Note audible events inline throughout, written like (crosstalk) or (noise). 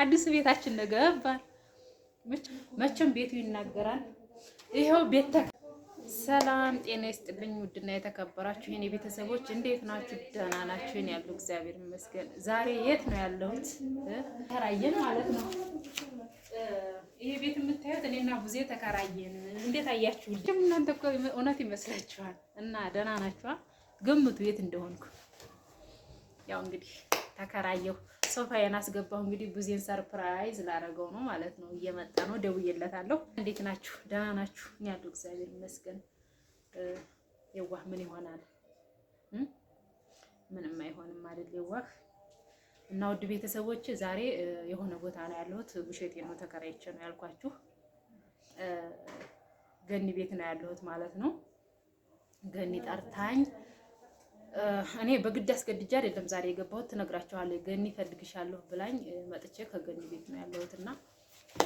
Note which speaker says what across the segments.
Speaker 1: አዲስ ቤታችን ገባን። መቼም ቤቱ ይናገራል። ይኸው ቤት ሰላም ጤና ይስጥልኝ። ውድና የተከበራችሁ የኔ ቤተሰቦች እንዴት ናችሁ? ደህና ናችሁ? እኔ ያለው እግዚአብሔር ይመስገን። ዛሬ የት ነው ያለሁት? ተከራየን ማለት ነው። ይሄ ቤት የምታዩት እኔና ቡዜ ተከራየን። እንዴት አያችሁ? እናንተ እኮ እውነት ይመስላችኋል። እና ደህና ግምቱ የት እንደሆንኩ ያው እንግዲህ ተከራየሁ። ሶፋዬን አስገባሁ። እንግዲህ ቡዜን ሰርፕራይዝ ላደረገው ነው ማለት ነው። እየመጣ ነው፣ ደውዬለታለሁ። እንዴት ናችሁ? ደህና ናችሁ? እኔ አለሁ እግዚአብሔር ይመስገን። የዋህ ምን ይሆናል? ምንም አይሆንም አይደል? የዋህ እና ውድ ቤተሰቦች ዛሬ የሆነ ቦታ ነው ያለሁት። ውሸቴ ነው፣ ተከራይቼ ነው ያልኳችሁ። ገኒ ቤት ነው ያለሁት ማለት ነው። ገኒ ጠርታኝ እኔ በግድ አስገድጃ አይደለም ዛሬ የገባሁት። ትነግራችኋለሁ። ገኒ ፈልግሻለሁ ብላኝ መጥቼ ከገኒ ቤት ነው ያለሁት እና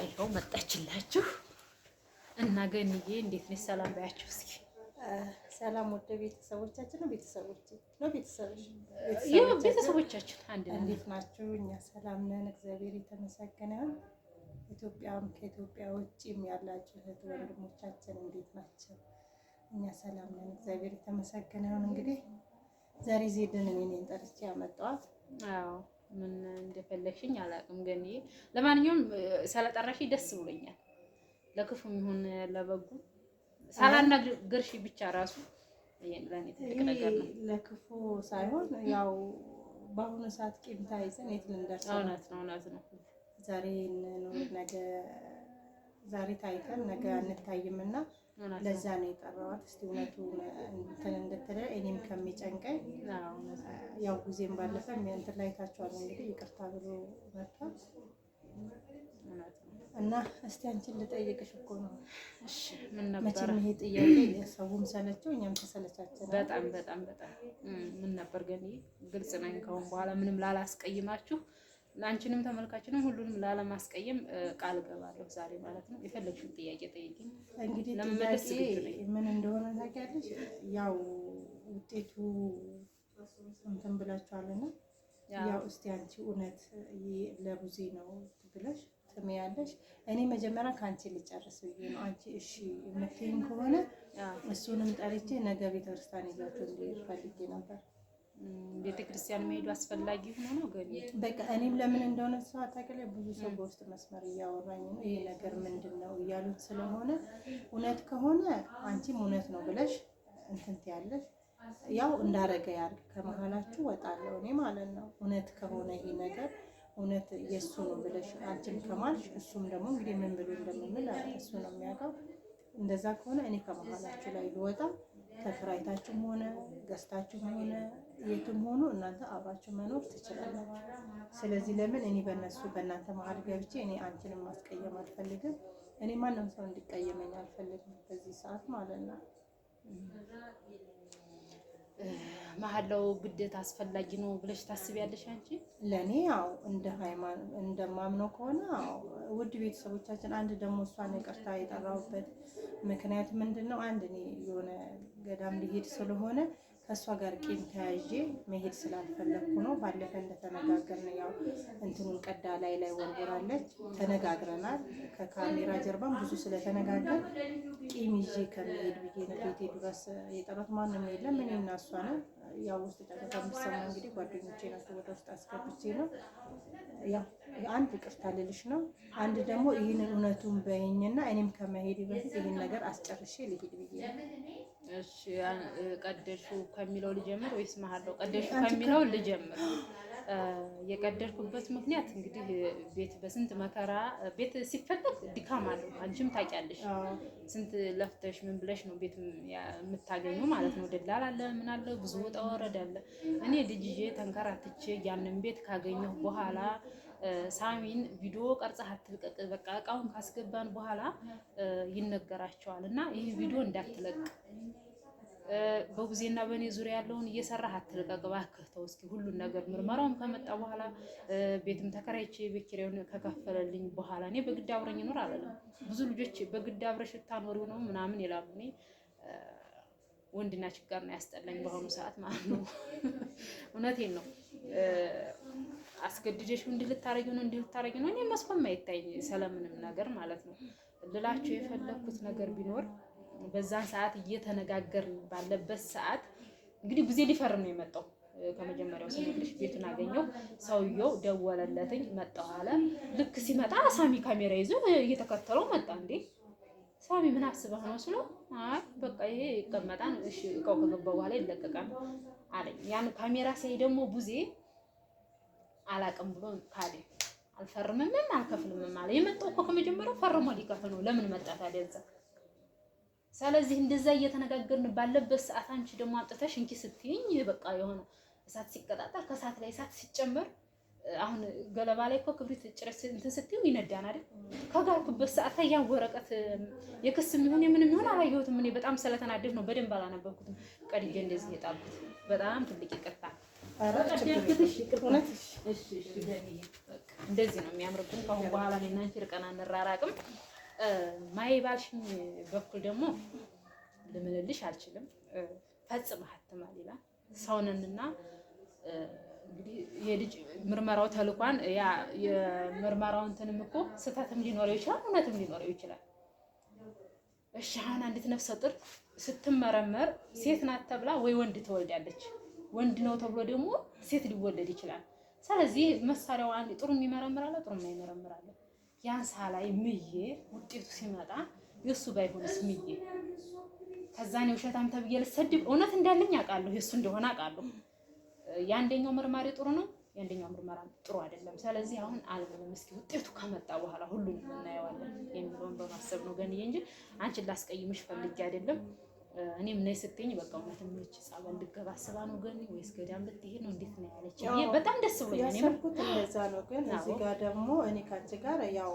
Speaker 1: ይኸው መጣችላችሁ እና ገኒዬ እንዴት ነሽ? ሰላም ባያችሁ እስኪ
Speaker 2: ሰላም ወደ ቤተሰቦቻችን ነው ቤተሰቦች ነው
Speaker 1: ቤተሰቦቻችን
Speaker 2: አንድ ነው። እንዴት ናችሁ? እኛ ሰላም ነን፣ እግዚአብሔር የተመሰገነ ኢትዮጵያም ከኢትዮጵያ ውጭም ያላችሁ እህት ወንድሞቻችን እንዴት ናቸው? እኛ ሰላም ነን፣ እግዚአብሔር የተመሰገነ እንግዲህ ዛሬ ዜድን እኔን ጠርቼ ያመጣኋት።
Speaker 1: አዎ ምን እንደፈለግሽኝ አላውቅም፣ ግን ለማንኛውም ስለጠራሽ ደስ ብሎኛል። ለክፉም ይሁን ለበጉ ሳላናግርሽ ብቻ ራሱ
Speaker 2: ለክፉ ሳይሆን ያው በአሁኑ ሰዓት ቂም ታይዘን የት ልንደርስ
Speaker 1: እውነት ነው፣ እውነት ነው።
Speaker 2: ዛሬ ነገ ዛሬ ታይተን ነገ አንታይምና ለዛ ነው የጠራዋት። እስቲ እውነቱ እንትን እንድትለ እኔም ከሚጨንቀኝ ያው ጊዜም ባለፈ እንትን ላይ ታችኋል። እንግዲህ ይቅርታ ብሎ መጥቷል እና እስቲ አንቺን ልጠይቅሽ እኮ ነው። መቼም ይሄ ጥያቄ ሰውም ሰለቸው እኛም ተሰለቻቸው።
Speaker 1: በጣም በጣም በጣም ምን ነበር ግን ግልጽ ነኝ። ከአሁን በኋላ ምንም ላላስቀይማችሁ አንቺንም ተመልካችንም ሁሉንም ላለማስቀየም ቃል ገባለሁ ዛሬ ማለት ነው። የፈለግሽን ጥያቄ ጠይቂኝ።
Speaker 2: እንግዲህ ለመመለስ ምን እንደሆነ ታውቂያለሽ። ያው ውጤቱ እንትን ብላችኋል ብላችኋልና ያው እስቲ አንቺ እውነት ለቡዜ ነው ብለሽ ትመያለሽ። እኔ መጀመሪያ ከአንቺ ልጨርስ ብዬ ነው። አንቺ እሺ የምትይኝ ከሆነ እሱንም ጠርቼ ነገ ቤተክርስቲያን ይዛችሁ እንዲሄድ ፈልጌ ነበር።
Speaker 1: ቤተ ክርስቲያን መሄዱ አስፈላጊ ሆኖ ነው። ገ
Speaker 2: በቃ እኔም ለምን እንደሆነ ሰው አታቀለ ብዙ ሰው በውስጥ መስመር እያወራኝ ነው ይሄ ነገር ምንድን ነው እያሉት ስለሆነ እውነት ከሆነ አንቺም እውነት ነው ብለሽ እንትን ያለሽ ያው እንዳረገ ያርግ ከመሀላችሁ ወጣለሁ እኔ ማለት ነው። እውነት ከሆነ ይሄ ነገር እውነት የእሱ ነው ብለሽ አንቺም ከማልሽ እሱም ደግሞ እንግዲህ ምን ብሎ እንደምንል እሱ ነው የሚያውቀው። እንደዛ ከሆነ እኔ ከመሀላችሁ ላይ ልወጣ ተከራይታችሁም ሆነ ገዝታችሁም ሆነ የትም ሆኖ እናንተ አብራችሁ መኖር ትችላላችሁ። ስለዚህ ለምን እኔ በእነሱ በእናንተ መሀል ገብቼ እኔ አንቺንም ማስቀየም አልፈልግም። እኔ ማንም ሰው እንዲቀየመኝ አልፈልግም በዚህ ሰዓት ማለት ነው።
Speaker 1: መሀላው ግዴታ አስፈላጊ ነው ብለሽ ታስቢያለሽ አንቺ?
Speaker 2: ለእኔ ያው እንደ ሃይማኖት እንደማምነው ከሆነ ውድ ቤተሰቦቻችን፣ አንድ ደግሞ እሷን ይቅርታ የጠራሁበት ምክንያት ምንድን ነው? አንድ እኔ የሆነ ገዳም ሊሄድ ስለሆነ ከእሷ ጋር ቂም ተያይዤ መሄድ ስላልፈለግኩ ነው። ባለፈ እንደተነጋገርን ያው እንትኑን ቀዳ ላይ ላይ ወርወራለች። ተነጋግረናል። ከካሜራ ጀርባም ብዙ ስለተነጋገር ቂም ይዤ ከመሄድ ብዬ ነው ቤቴ ድረስ የጠራት። ማንም የለም እኔ እና እሷ ነው። ያው ውስጥ ጨረታ ምሰማ እንግዲህ ጓደኞቼ ናቸው። ወደ ውስጥ አስገብቼ ነው ያው አንድ ይቅርታ ልልሽ ነው። አንድ ደግሞ ይህንን እውነቱን በይኝና እኔም ከመሄድ በፊት ይህን ነገር አስጨርሼ ልሂድ ብዬ ነው
Speaker 1: እሺ ቀደሹ ከሚለው ልጀምር ወይስ መሀላው? ቀደሹ ከሚለው ልጀምር። የቀደድኩበት ምክንያት እንግዲህ ቤት በስንት መከራ ቤት ሲፈለግ ድካም አለው። አንቺም ታውቂያለሽ፣ ስንት ለፍተሽ ምን ብለሽ ነው ቤት የምታገኙ ማለት ነው። ደላል አለ፣ ምን አለ፣ ብዙ ወጣ ወረድ አለ። እኔ ልጅዬ ተንከራትቼ ያንን ቤት ካገኘሁ በኋላ ሳሚን ቪዲዮ ቀርጸህ አትልቀቅ፣ በቃ እቃውን ካስገባን በኋላ ይነገራቸዋል እና ይህ ቪዲዮ እንዳትለቅ በጉዜና በእኔ ዙሪያ ያለውን እየሰራህ አትልቀቅ እባክህ ተው እስኪ ሁሉን ነገር ምርመራውም ከመጣ በኋላ ቤትም ተከራይቼ ቤት ኪራዩን ከከፈለልኝ በኋላ እኔ በግድ አብረኝ ኖር አላለም። ብዙ ልጆች በግድ አብረሽ ታኖሪው ነው ምናምን ይላሉ። እኔ ወንድና ችጋር ነው ያስጠላኝ በአሁኑ ሰዓት ማለት ነው። (laughs) እውነቴን ነው። አስገድደሽ እንዲህ ልታረጊ ነው እንዲህ ልታረጊ ነው። እኔ መስኮም አይታይኝ ስለምንም ነገር ማለት ነው ልላቸው የፈለኩት ነገር ቢኖር በዛን ሰዓት እየተነጋገር ባለበት ሰዓት እንግዲህ ጊዜ ሊፈርም ነው የመጣው። ከመጀመሪያው ስንግልሽ ቤቱን አገኘው ሰውየው ደወለለትኝ፣ መጣሁ አለ። ልክ ሲመጣ ሳሚ ካሜራ ይዞ እየተከተለው መጣ። እንዴ ሳሚ ምን አስበህ ነው ስለው፣ አይ በቃ ይሄ ይቀመጣል፣ እሺ እቃው ከገባ በኋላ ይለቀቃል አለኝ። ያን ካሜራ ሲያይ ደግሞ ቡዜ አላቅም ብሎ ካደ። አልፈርምምም አልከፍልም አለ። የመጣው እኮ ከመጀመሪያው ፈርሞ ሊከፍል ነው። ለምን መጣ ታዲያ እዛ? ስለዚህ እንደዛ እየተነጋገርን ባለበት ሰዓት አንቺ ደግሞ አምጥተሽ እንኪ ስትይኝ በቃ የሆነ እሳት ሲቀጣጠል ከእሳት ላይ እሳት ሲጨመር አሁን ገለባ ላይ እኮ ክብሪት ጭረት እንትን ስትይው ይነዳን አይደል? ከጋርኩበት ሰዓት ያ ወረቀት የክስ የሚሆን የምን የሚሆን አላየሁትም። እኔ በጣም ስለተናደድ ነው በደንብ አላነበብኩትም። ቀድጄ እንደዚህ የጣልኩት በጣም ትልቅ ይቅርታ እንደዚህ ነው የሚያምርብን። ከአሁን በኋላ እኔ እና አንቺ ርቀን አንራራቅም። ማይባልሽኝ በኩል ደግሞ ልምልልሽ አልችልም። ፈጽመህ አትማል ይላል ሰውንንና እንግዲህ የልጅ ምርመራው ተልኳን ያ የምርመራው እንትንም እኮ ስህተትም ሊኖረው ይችላል፣ እውነትም ሊኖረው ይችላል። እሺ አሁን አንዲት ነፍሰ ጡር ስትመረመር ሴት ናት ተብላ ወይ ወንድ ትወልዳለች ወንድ ነው ተብሎ ደግሞ ሴት ሊወለድ ይችላል። ስለዚህ መሳሪያው አንድ ጥሩ የሚመረምራለ ጥሩ የማይመረምራለ ያንሳ ላይ ምዬ ውጤቱ ሲመጣ የእሱ ባይሆንስ ምዬ ከዛኔ ውሸታም ተብዬ ልሰድብ እውነት እንዳለኝ አውቃለሁ፣ የእሱ እንደሆነ አውቃለሁ። የአንደኛው ምርማሪ ጥሩ ነው፣ የአንደኛው ምርመራ ጥሩ አይደለም። ስለዚህ አሁን አልበለም እስኪ ውጤቱ ከመጣ በኋላ ሁሉንም እናየዋለን የሚለውን በማሰብ ነው ገንዬ፣ እንጂ አንቺን ላስቀይምሽ ፈልጌ አይደለም። እኔም ነይ ስትይኝ በቃ እውነት ምንች ጻባ እንድገባ አስባ ነው ገኒ ወይስ ገዳም ልትሄድ ነው እንዴት ነው ያለች? ይሄ በጣም ደስ ብሎኛል።
Speaker 2: ያሰብኩት እንደዛ ነው። ግን እዚህ ጋር ደግሞ እኔ ካንቺ ጋር ያው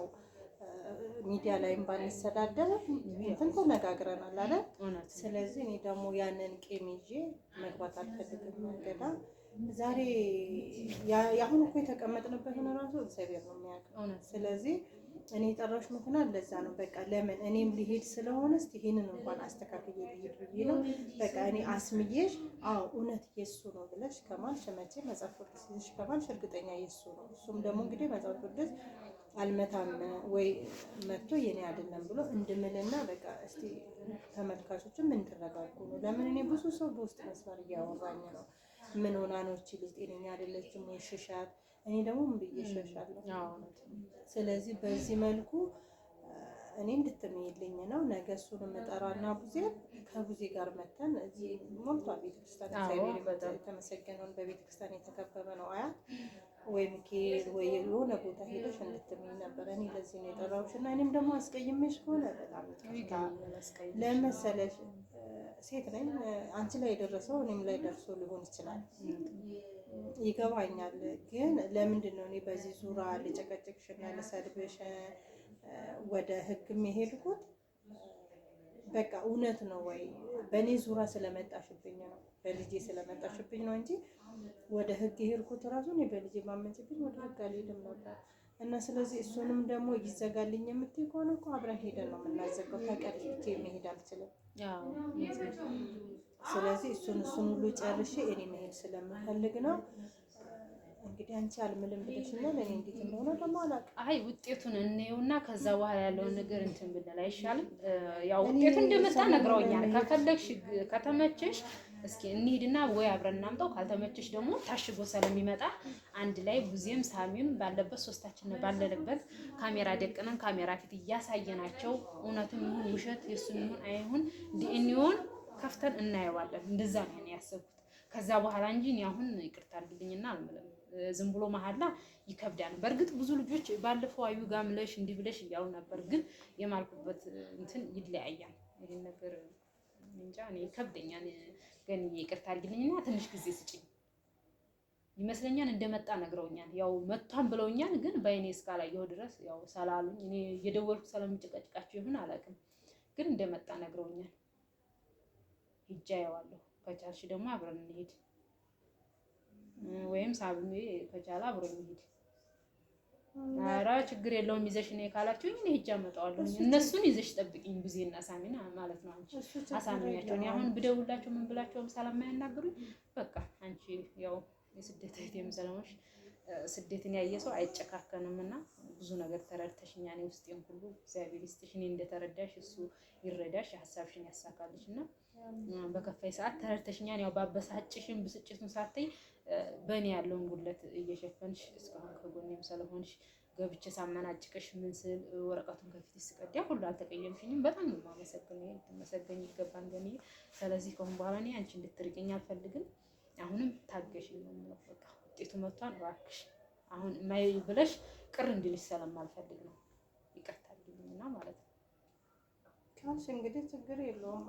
Speaker 2: ሚዲያ ላይም ባንሰዳደብ እንትን ተነጋግረናል አለ ስለዚህ እኔ ደግሞ ያንን ቂም ይዤ መግባት አልፈልግም። ገዳም ዛሬ የአሁን እኮ የተቀመጥንበትን ራሱ እግዚአብሔር ነው የሚያውቅ። ስለዚህ እኔ የጠራሁሽ መኪና ለዛ ነው። በቃ ለምን እኔም ሊሄድ ስለሆነ እስኪ ይሄንን እንኳን አስተካክዬ ሊሄድ ብዬ ነው። በቃ እኔ አስምዬሽ፣ አዎ እውነት የሱ ነው ብለሽ ከማልሽ መቼ መጽሐፍ ቅዱስ ይዘሽ ከማልሽ እርግጠኛ የሱ ነው። እሱም ደግሞ እንግዲህ መጽሐፍ ቅዱስ አልመታም ወይ መጥቶ የኔ አይደለም ብሎ እንድምልና በቃ እስቲ ተመልካቾችም እንድረጋጉ ነው። ለምን እኔ ብዙ ሰው በውስጥ መስመር እያወራኝ ነው። ምን ሆና ነው እቺ ልጅ ጤነኛ አይደለችም ወይ ሽሻት እኔ ደግሞ ምን ብዬ እሸሻለሁ? ስለዚህ በዚህ መልኩ እኔ እንድትመይልኝ ነው። ነገ እሱን እጠራና ቡዜ ከቡዜ ጋር መተን እዚህ ሞልቷል ቤተክርስቲያን፣ እግዚአብሔር የተመሰገነውን በቤተክርስቲያን የተከበበ ነው። አያት ወይ ሚካኤል ወይ የሆነ ቦታ ሄደሽ እንድትመኝ ነበር። እኔ ለዚህ ነው የጠራሁሽ እና እኔም ደግሞ አስቀይሜሽ ከሆነ በጣም ለመሰለሽ ሴት ነኝ። አንቺ ላይ የደረሰው እኔም ላይ ደርሶ ሊሆን ይችላል ይገባኛል። ግን ለምንድን ነው እኔ በዚህ ዙራ ልጨቀጭቅሽና ልሰድብሽ ወደ ህግ የሄድኩት? በቃ እውነት ነው ወይ በእኔ ዙራ ስለመጣሽብኝ ነው በልጄ ስለመጣሽብኝ ነው እንጂ ወደ ህግ የሄድኩት ራሱ እኔ በልጄ ማመንጭብኝ ወደ ህግ አልሄድም ነበር። እና ስለዚህ እሱንም ደግሞ ይዘጋልኝ የምትይ ከሆነ እኮ አብረን ሄደን ነው የምናዘጋው። ተቀርቼ መሄድ አልችልም። ስለዚህ እሱን እሱን ሁሉ ጨርሼ እኔ መሄድ ስለምፈልግ ነው። እንግዲህ አንቺ አልምልም ብለሽኛል። እኔ እንዴት እንደሆነ ደግሞ አላውቅም።
Speaker 1: አይ ውጤቱን እንየውና ከዛ በኋላ ያለውን ነገር እንትን ብንል አይሻልም? ያው ውጤቱን እንደመጣ ነግረውኛል። ከፈለግሽ ከተመቸሽ እስኪ እንሂድና ወይ አብረን እናምጣው። ካልተመቸሽ ደግሞ ታሽጎ ስለሚመጣ አንድ ላይ ቡዜም ሳሚም ባለበት ሶስታችን ባለንበት ካሜራ ደቅነን ካሜራ ፊት እያሳየናቸው እውነትም ይሁን ውሸት የእሱን ይሁን አይሁን ዲኤንኤውን ከፍተን እናየዋለን። እንደዛ ነው ያሰብኩት። ከዛ በኋላ እንጂ እኔ አሁን ይቅርታ አድርግልኝና አልምልም። ዝም ብሎ መሀላ ይከብዳል። በእርግጥ ብዙ ልጆች ባለፈው አዩ ጋ ምለሽ እንዲህ ብለሽ እያሉ ነበር፣ ግን የማልኩበት እንትን ይለያያል። ይህን ነገር እንጃ እኔ ይከብደኛል። ግን ይቅርታ አድርጊልኝና ትንሽ ጊዜ ስጭኝ ይመስለኛል እንደመጣ ነግረውኛል። ያው መጥቷን ብለውኛል፣ ግን በአይኔ እስካላየሁ ድረስ ያው ሰላሉኝ። እኔ እየደወልኩ ስለምጨቀጭቃቸው ይሁን አላውቅም፣ ግን እንደመጣ ነግረውኛል። ሂጃ ያዋለሁ። ከቻልሽ ደግሞ አብረን እንሂድ፣ ወይም ሳብ ከቻለ አብረን እንሂድ። ኧረ ችግር የለውም ይዘሽ እኔ ካላችሁኝ እኔ ሂጅ አመጣዋለሁ። እነሱን ይዘሽ ጠብቂኝ ጊዜና አሳሚን ማለት ነው። አንቺ አሳምኛቸው። እኔ አሁን ብደውላቸው ምን ብላቸውም ሰላም አያናግሩኝ። በቃ አንቺ ያው የስደት እህት የምዘለመሽ ስደትን ያየ ሰው አይጨካከንም እና ብዙ ነገር ተረድተሽኛ እኔ ውስጤን ሁሉ እግዚአብሔር ይስጥሽ። እኔ እንደተረዳሽ እሱ ይረዳሽ፣ ሀሳብሽን ያሳካልሽ እና በከፋይ ሰዓት ተረድተሽኛን ያው ባበሳጭሽን ብስጭቱን ሳትይ በእኔ ያለውን ጉድለት እየሸፈንሽ እስካሁን ከጎኔም ስለሆንሽ ገብቼ ሳመናጭቅሽ ምን ስል ወረቀቱን ከፊት ስቀድ ያ ሁሉ አልተቀየምሽኝም። በጣም ነው የማመሰግነው። ልትመሰገኝ ይገባል ገንዬ። ስለዚህ ከሁን በኋላ እኔ አንቺ እንድትርቅኝ አልፈልግም። አሁንም ታገሽ ነው የምለው። በቃ ውጤቱ መጥቷል። እባክሽ አሁን ማይ ብለሽ ቅር እንድልሽ ስለማልፈልግ ነው። ይቅርታ ማለት ነው።
Speaker 2: ካልሽ እንግዲህ ችግር የለውም።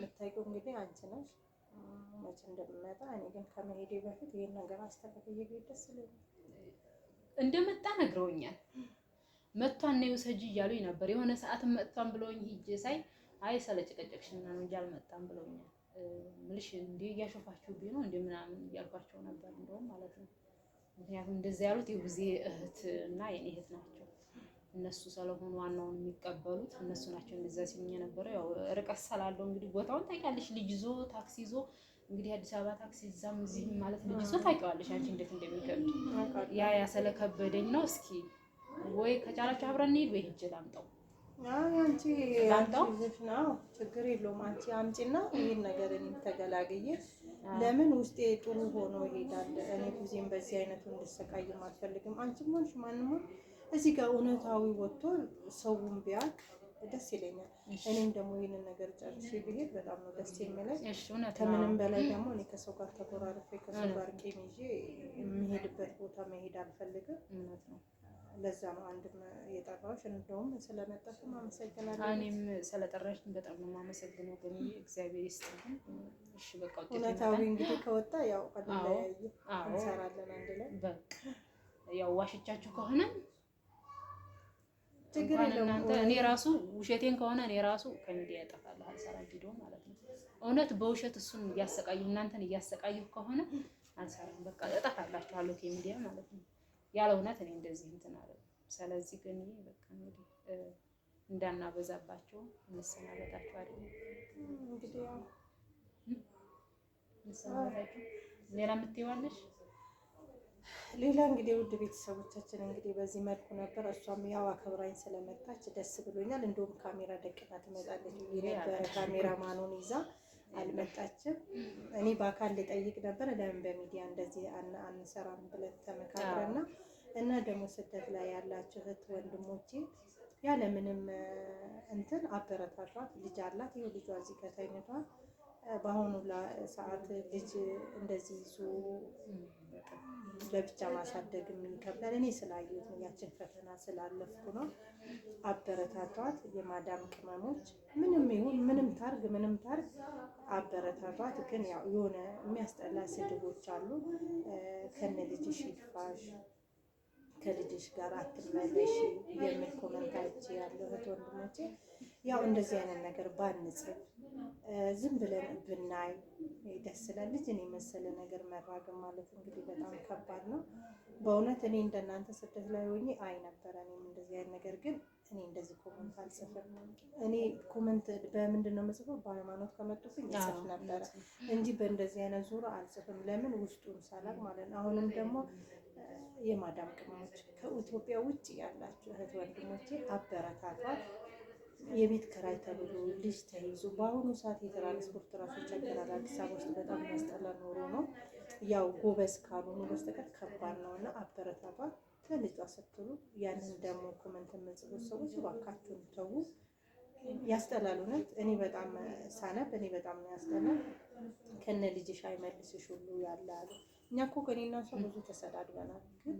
Speaker 2: የምታውቂው እንግዲህ አንቺ ነሽ መቼ እንደምመጣ እኔ ግን ከመሄዴ በፊት ይህን ነገር አስተካክዬ ብሄድ ደስ ይለኛል።
Speaker 1: እንደመጣ ነግረውኛል። መቷን ነው ሰጂ እያሉኝ ነበር። የሆነ ሰዓትም መጥቷን ብለውኝ ሂጄ ሳይ አይ ስለጭቀጨቅሽና ነው እንጂ አልመጣም ብለውኛል። ምልሽ እንዴ እያሾፋችሁብኝ ነው እንዴ ምናምን እያልኳቸው ነበር። እንደውም ማለት ነው ምክንያቱም እንደዚያ ያሉት የጊዜ እህት እና የኔ እህት ናቸው። እነሱ ስለሆኑ ዋናውን የሚቀበሉት እነሱ ናቸው። እንደዛ ሲሉኝ የነበረው ያው ርቀት ስላለው እንግዲህ ቦታውን ታውቂያለሽ። ልጅ ይዞ ታክሲ ይዞ እንግዲህ አዲስ አበባ ታክሲ እዛም እዚህ ማለት ልጅ ይዞ ታውቂዋለሽ አንቺ እንዴት እንደሚከብድ ያ ያ ስለከበደኝ ነው። እስኪ ወይ ከጫላችሁ አብረን እንሂድ ወይ ሂጅ ላምጣው
Speaker 2: አንቺ ልጅ ነው ችግር የለውም። አንቺ አምጪና ይህን ነገር እኔም ተገላግዬ ለምን ውስጤ ጥሩ ሆኖ ይሄዳል። እኔ ጊዜም በዚህ አይነቱ እንድሰቃይም አልፈልግም። አንቺም ሆንሽ ማንም እዚህ ጋር እውነታዊ ወጥቶ ሰውን ቢያቅ ደስ ይለኛል። እኔም ደግሞ ይህንን ነገር ጨርሼ ብሄድ በጣም ነው ደስ የሚለኝ። ከምንም በላይ ደግሞ እኔ ከሰው ጋር ተኮራርፌ ከሰው ጋር ቂም ይዤ የምሄድበት ቦታ መሄድ አልፈልግም። ለዛ ነው አንድም የጠራሁሽ። እንደውም ስለመጣሽም አመሰግናለሁ።
Speaker 1: እኔም ስለጠራሽኝ በጣም ነው የማመሰግነው። ግን እግዚአብሔር ይስጥልኝ። እሺ በቃ
Speaker 2: እውነታዊ እንግዲህ ከወጣ ያው እንሰራለን አንድ ላይ
Speaker 1: ያው ዋሽቻችሁ ከሆነ ችግር የለውም። እኔ ራሱ ውሸቴን ከሆነ እኔ ራሱ ከሚዲያ እጠፋለሁ፣ አልሰራም ቪዲዮ ማለት ነው። እውነት በውሸት እሱን እያሰቃዩ እናንተን እያሰቃዩ ከሆነ አልሰራም፣ በቃ እጠፋላችኋለሁ ከሚዲያ ማለት ነው። ያለ እውነት እኔ እንደዚህ እንትን አለ። ስለዚህ ግን በቃ እንግዲህ እንዳናበዛባቸው እንሰናበታቸው አይደል
Speaker 2: እንግዲህ ያው
Speaker 1: እንሰናበታቸው ሌላ የምትይዋለሽ
Speaker 2: ሌላ እንግዲህ ውድ ቤተሰቦቻችን እንግዲህ በዚህ መልኩ ነበር። እሷም ያው አከብራኝ ስለመጣች ደስ ብሎኛል። እንዲሁም ካሜራ ደቅና ትመጣለች ካሜራ ማኖን ማኑን ይዛ አልመጣችም። እኔ በአካል ልጠይቅ ነበር ለምን በሚዲያ እንደዚህ አንሰራም ብለን ተመካክረና እና ደግሞ ስደት ላይ ያላችሁ እህት ወንድሞቼ ያለምንም እንትን አበረታቷት። ልጅ አላት። ይኸው ልጇ እዚህ ከተኝቷል። በአሁኑ ሰዓት ልጅ እንደዚህ ይዞ ለብቻ ማሳደግ የሚከብዳል። እኔ ስላየሁት ያችን ፈተና ስላለፍኩ ነው። አበረታቷት፣ የማዳም ቅመሞች ምንም ይሁን ምንም ታርግ ምንም ታርግ አበረታቷት። ግን ያው የሆነ የሚያስጠላ ስድቦች አሉ። ከነ ልጅሽ ይድፋሽ፣ ከልጅሽ ጋር አትመለሽ የሚል ኮመንት አይቼ እህት ወንድሞቼ፣ ያው እንደዚህ አይነት ነገር ባንጽፍ ዝም ብለን ብናይ ደስ ይላል። ልጅን የመሰለ ነገር መራገም ማለት እንግዲህ በጣም ከባድ ነው በእውነት። እኔ እንደናንተ ስደት ላይ ሆኜ አይ ነበረ እኔም እንደዚህ አይነት ነገር ግን እኔ እንደዚህ ኮመንት አልጽፍም። እኔ ኮመንት በምንድን ነው መጽፈው? በሃይማኖት ከመጡብኝ ይጽፍ ነበረ እንጂ በእንደዚህ አይነት ዙሮ አልጽፍም። ለምን ውስጡን ሳላቅ ማለት ነው። አሁንም ደግሞ የማዳም ቅመሞች ከኢትዮጵያ ውጭ ያላችሁ እህት ወንድሞቼ አበረታቷት። የቤት ክራይ ተብሎ ልጅ ተይዞ በአሁኑ ሰዓት የትራንስፖርት ራሱ ይቸገራል። አዲስ አበባ ውስጥ በጣም የሚያስጠላ ኖሮ ነው። ያው ጎበዝ ካልሆኑ በስተቀር ከባድ ነው እና አበረታቷ ለልጇ ስትሉ ያንን ደግሞ ኮመንት የምንጽፉት ሰዎች እባካችሁን ተዉ። ያስጠላል። እውነት እኔ በጣም ሳነብ እኔ በጣም ነው ያስጠላል። ከነ ልጅሽ አይመልስሽ ሁሉ ያለ አሉ። እኛ እኮ ከኔና እሷ ብዙ ተሰዳድበናል፣ ግን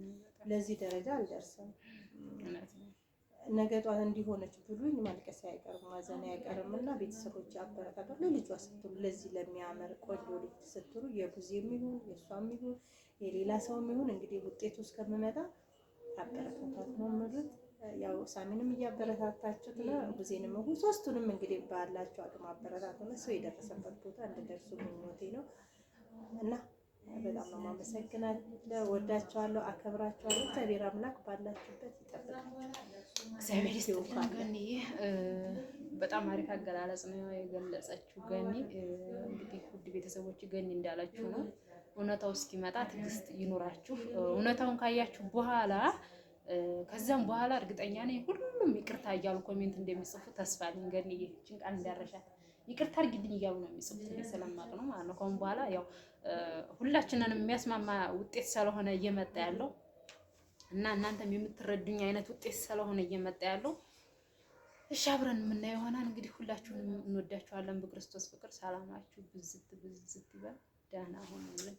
Speaker 2: ለዚህ ደረጃ አልደርስም። ነገ ጧት እንዲሆነች ብሉኝ ማልቀስ አይቀርም ማዘን አይቀርም እና ቤተሰቦች አበረታታ ለልጇ ስትሉ ለዚህ ለሚያምር ቆንጆ ልጅ ስትሉ የጉዜ የሚሆን የእሷ ይሁን የሌላ ሰው የሚሆን እንግዲህ ውጤቱ እስከምመጣ አበረታታት ነው ምሉት። ያው ሳሚንም እያበረታታችሁት ነው፣ ጉዜንም ይሁን ሶስቱንም እንግዲህ ባላችሁ አቅም አበረታት ነው። ሰው የደረሰበት ቦታ እንድደርሱ ምኞቴ ነው እና በጣም ነው የማመሰግናለሁ። ወዳቸዋለሁ፣ አከብራቸዋለሁ። እግዚአብሔር አምላክ ባላችሁበት ይጠብቃችሁ።
Speaker 1: እግዚአብሔር በጣም አሪፍ አገላለጽ ነው የገለጸችው። ገኒ እንግዲህ ውድ ቤተሰቦች ገኒ እንዳለችው ነው። እውነታው እስኪመጣ ትዕግስት ይኖራችሁ። እውነታውን ካያችሁ በኋላ ከዛም በኋላ እርግጠኛ ነኝ ሁሉም ይቅርታ እያሉ ኮሜንት እንደሚጽፉ ተስፋ አለኝ። ገኒ ይህችን ቃል እንዳረሻት ይቅርታ አድርጊልኝ እያሉ ነው የሚጽፉት። ስለማቅ ነው ማለት ነው። ከሁን በኋላ ያው ሁላችንን የሚያስማማ ውጤት ስለሆነ እየመጣ ያለው እና እናንተም የምትረዱኝ አይነት ውጤት ስለሆነ እየመጣ ያለው እሺ አብረን የምናየው ይሆናል። እንግዲህ ሁላችሁንም እንወዳችኋለን። በክርስቶስ ፍቅር ሰላማችሁ ብዝት ብዝት ይበል። ደህና ሆኑልን።